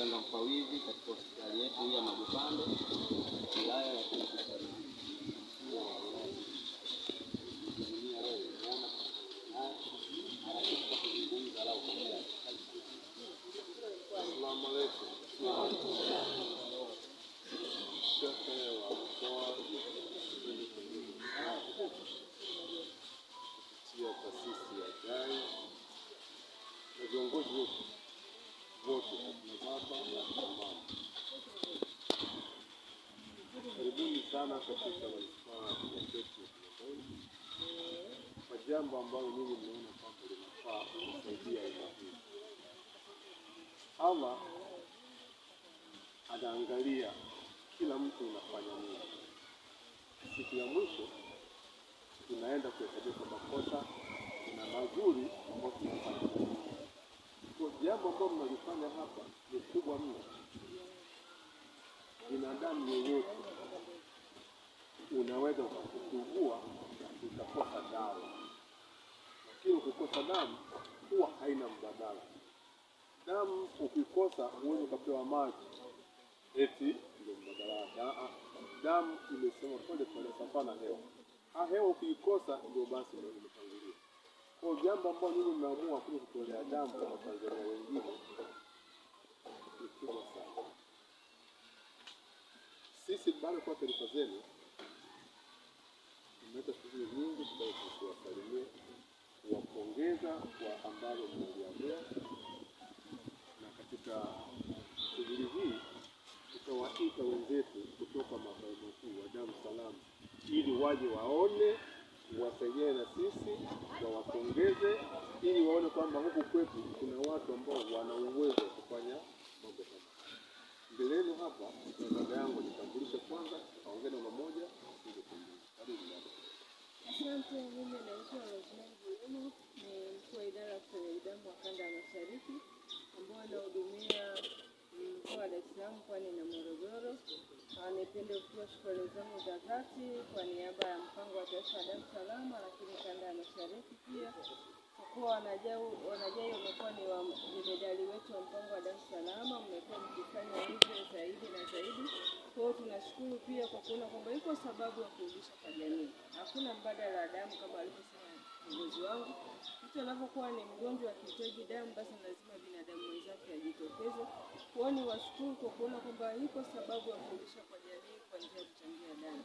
mganga mfawidhi katika hospitali yetu ya Magufando wilaya ya viongozi wote wote sana katika manispaa ya Geita Kinondoni kwa jambo ambalo mimi nimeona kwamba linafaa kusaidia umma huu. Allah anaangalia kila mtu unafanya nini. Siku ya mwisho tunaenda kuhesabika makosa na mazuri ambayo tunafanya. Kwa jambo ambalo mnalifanya hapa ni kubwa mno. Binadamu yeyote unaweza ukaugua ukakosa dawa, lakini ukikosa damu huwa haina mbadala. Damu ukikosa huwezi ukapewa maji eti ndio mbadala wake. Damu imesema pole pole, sawa na hewa. Ah, ha, hewa ukiikosa ndio basi ndio imetangulia. Kwa jambo ambalo nyinyi mnaamua kuja kutolea damu kwa Watanzania wengine ni kubwa sana. Sisi bado kwa taarifa zenu tumeleta shughuli nyingi ambayo tukiwasalimia kuwapongeza kwa ambalo mnaliambia, na katika shughuli hii tutawaita wenzetu kutoka makao makuu wa Dar es Salaam ili waje waone, wasaidiane na sisi, wawapongeze ili waone kwamba huku kwetu kuna watu ambao wana uwezo wa kufanya mambo kama mbele yenu hapa. Dada yangu nitambulishe kwanza, aongee namba moja kutoa shukrani zangu za dhati kwa niaba ya mpango wa taifa wa Dar es Salaam, lakini kanda ya mashariki pia, kwa kuwa wanajai wamekuwa ni wamedali wetu wa mpango wa Dar es Salaam, mmekuwa mkifanya hivyo zaidi na zaidi. Kwa hiyo tunashukuru pia kwa kuona kwamba iko sababu ya kurudisha kwa jamii. Hakuna mbadala wa damu kama alivyosema kiongozi wangu, mtu anapokuwa ni mgonjwa akihitaji damu, basi lazima binadamu wenzake ajitokeze. Kwa hiyo ni washukuru kwa kuona kwamba iko sababu ya kurudisha kwa jamii njia ya kuchangia ndani.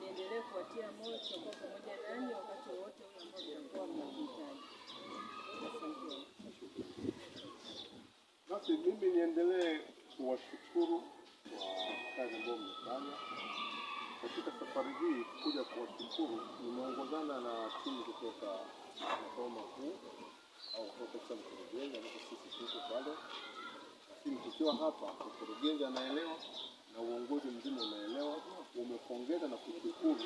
Niendelee kuwatia moyo, tutakuwa pamoja nanyi wakati wowote ule ambao mtakuwa mnahitaji. Basi mimi niendelee kuwashukuru kwa kazi ambayo mmefanya katika safari hii. Kuja kuwashukuru, nimeongozana na timu kutoka makao makuu au kutoka mkurugenzi ambapo sisi tuko pale, lakini tukiwa hapa mkurugenzi anaelewa na uongozi mzima unaelewa, umepongeza na kushukuru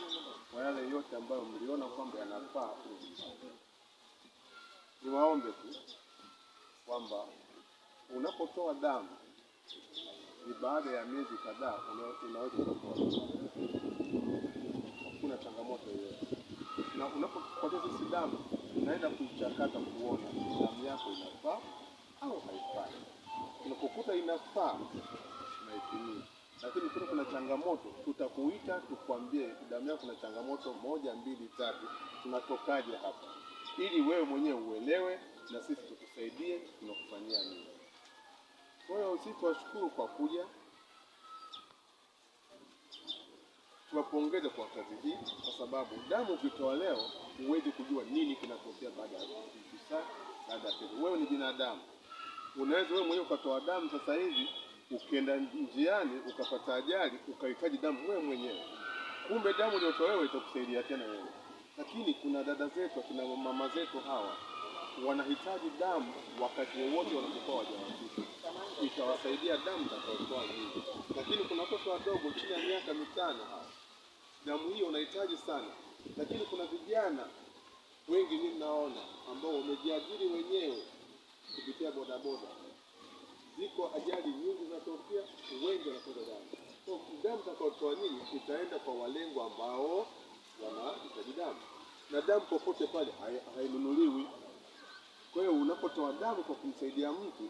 kwa yale yote ambayo mliona kwamba yanafaa. Niwaombe tu kwamba unapotoa damu ni baada ya miezi kadhaa unaweza kutoa, hakuna changamoto yoyote, na unapopotea sisi damu unaenda kuichakata changamoto, tutakuita tukwambie, damu yako kuna changamoto moja, mbili, tatu, tunatokaje hapa, ili wewe mwenyewe uelewe na sisi tukusaidie tunakufanyia nini. Kwa hiyo sisi tuwashukuru kwa kuja, tuwapongeze kwa kazi hii, kwa sababu damu ukitoa leo huwezi kujua nini kinatokea baada ya saa baada ya wewe ni binadamu, unaweza wewe mwenyewe ukatoa damu sasa hivi ukienda njiani ukapata ajali ukahitaji damu wewe mwenyewe, kumbe damu uliotoa wewe itakusaidia tena wewe. Lakini kuna dada zetu, kuna mama zetu hawa wanahitaji damu wakati wowote wanapokuwa wajawazito, itawasaidia damu itakayotoa nyingi. Lakini kuna watoto wadogo chini ya miaka mitano, hawa damu hiyo unahitaji sana. Lakini kuna vijana wengi mimi naona ambao wamejiajiri wenyewe kupitia bodaboda ziko ajali nyingi zinatokea, wengi wanapata damu. So damu tutakayotoa nini itaenda kwa walengo ambao wanahitaji damu, na damu popote pale hainunuliwi. Kwa hiyo unapotoa damu kwa kumsaidia mtu,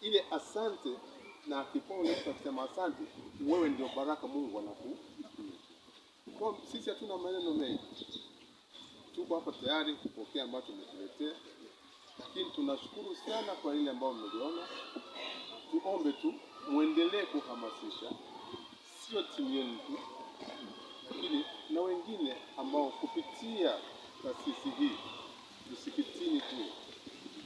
ile asante na kipole tunasema asante, wewe ndio baraka Mungu anaku kwa sisi hatuna maneno mengi, tuko hapa tayari kupokea ambacho umetuletea, lakini tunashukuru sana kwa ile ambayo mmeliona tuombe tu muendelee kuhamasisha, sio timu yenu tu, lakini na wengine ambao kupitia taasisi hii msikitini tu,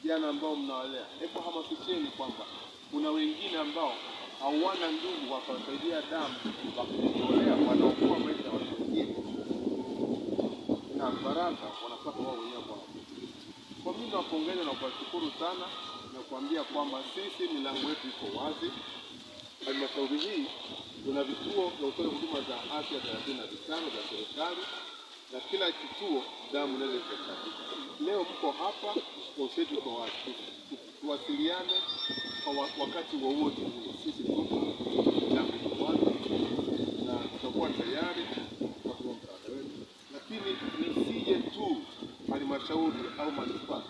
vijana ambao mnawalea, hebu hamasisheni kwamba kuna wengine ambao hawana ndugu wakawasaidia damu wakajitolea, wanaokoa maisha ya watu wengine na baraka wanapata wao wenyewe. Kwa mimi nawapongeza na kuwashukuru sana na kuambia kwamba sisi milango yetu iko wazi. Halmashauri hii tuna vituo vya kutoa huduma za afya thelathini na vitano za serikali na kila kituo damu inaweza ikahitajika. Leo mko hapa kwa kwa watu, tuwasiliane kwa wakati wowote huo. Sisi tuko damu iko wazi na tutakuwa tayari kwa msaada lakini nisije tu halmashauri au manispaa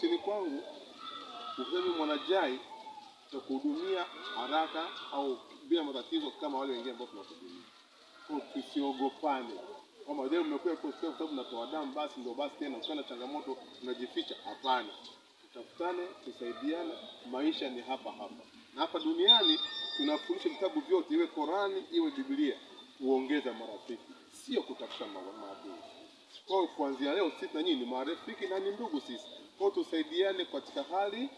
ofisini kwangu useme mwanajai kuhudumia haraka au bila matatizo kama wale wengine ambao tunawahudumia. Tusiogopane kwamba je, mmekuwa kwa sababu mnatoa damu, basi ndio basi tena ukiwa changamoto unajificha. Hapana, tutafutane, tusaidiane. Maisha ni hapa hapa na hapa duniani. Tunafundisha vitabu vyote, iwe Korani iwe Biblia, uongeza marafiki, sio kutafuta maadui. Kwa hiyo kuanzia leo sisi na nyinyi ni marafiki na ni ndugu sisi kwa tusaidiane katika hali.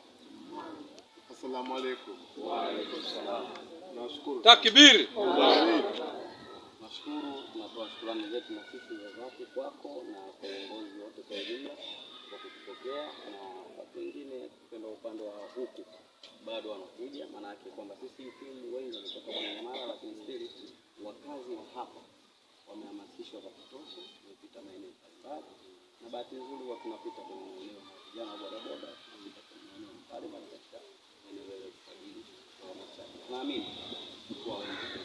Asalamu alaykum. Wa alaykum salaam. Nashukuru. Takbir. Nashukuru, tunatoa shukrani zetu na sisi za dhati kwako na kwa viongozi wote kwa ujumla kwa kutupokea, na watu wengine kupenda upande wa huku bado wanakuja, maana yake kwamba sisi timu wengi wametoka Mwananyamala, lakini stili wakazi wa hapa wamehamasishwa kwa kutosha, wamepita maeneo mbalimbali na bahati nzuri tunapita kwenye maeneo vijana wa bodaboda mbalimbali katika Naamini kuwa wengi